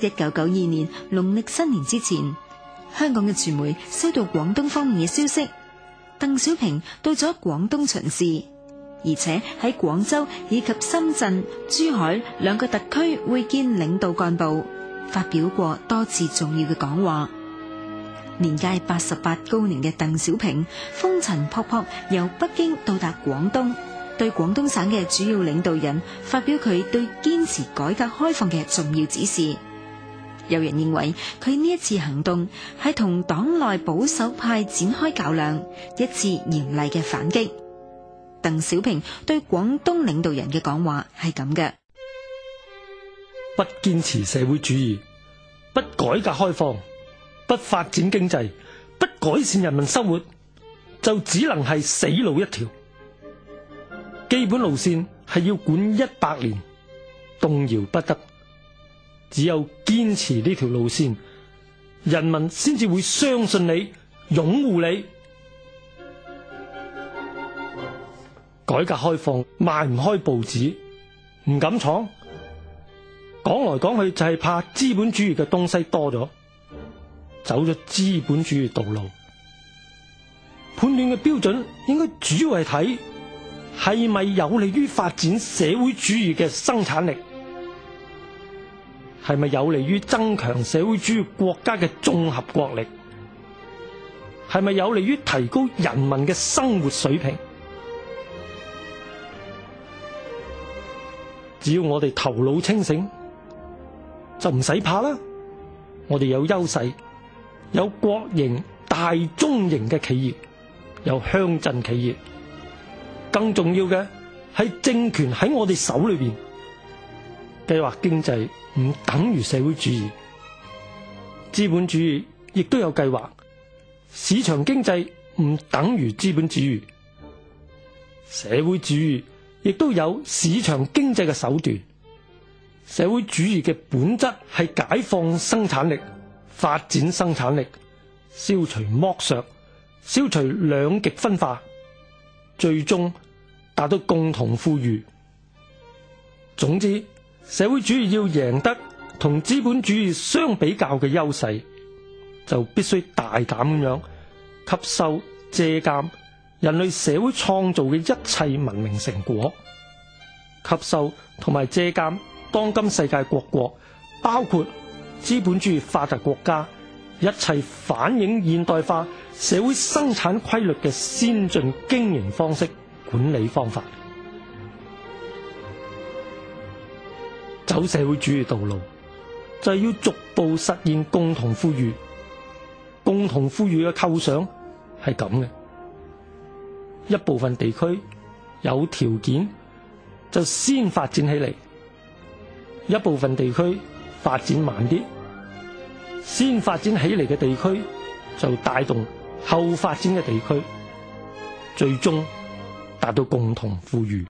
一九九二年農曆新年之前，香港嘅傳媒收到廣東方面嘅消息，鄧小平到咗廣東巡視，而且喺廣州以及深圳、珠海兩個特區會見領導幹部，發表過多次重要嘅講話。年屆八十八高齡嘅鄧小平風塵僕僕由北京到達廣東，對廣東省嘅主要領導人發表佢對堅持改革開放嘅重要指示。有人認為佢呢一次行動係同黨內保守派展開較量，一次嚴厲嘅反擊。鄧小平對廣東領導人嘅講話係咁嘅：不堅持社會主義，不改革開放，不發展經濟，不改善人民生活，就只能係死路一條。基本路線係要管一百年，動搖不得。只有堅持呢條路線，人民先至會相信你，擁護你。改革開放邁唔開步子，唔敢闖，講來講去就係怕資本主義嘅東西多咗，走咗資本主義道路。判斷嘅標準應該主要係睇，係咪有利於發展社會主義嘅生產力？係咪有利於增強社會主義國家嘅綜合國力？係咪有利於提高人民嘅生活水平？只要我哋頭腦清醒，就唔使怕啦。我哋有優勢，有國營、大中型嘅企業，有鄉鎮企業，更重要嘅係政權喺我哋手裏面。計劃經濟唔等於社會主義，資本主義亦都有計劃；市場經濟唔等於資本主義，社會主義亦都有市場經濟嘅手段。社會主義嘅本質係解放生產力、發展生產力，消除剝削，消除兩極分化，最終達到共同富裕。總之。社會主義要贏得同資本主義相比較嘅優勢，就必須大膽咁樣吸收、借鑑人類社會創造嘅一切文明成果，吸收同埋借鑑當今世界各國，國，包括資本主義發達國家，一切反映現代化社會生產規律嘅先進經營方式、管理方法。走社會主義道路，就係要逐步實現共同富裕。共同富裕嘅構想係咁嘅：一部分地區有條件就先發展起嚟，一部分地區發展慢啲，先發展起嚟嘅地區就帶動後發展嘅地區，最終達到共同富裕。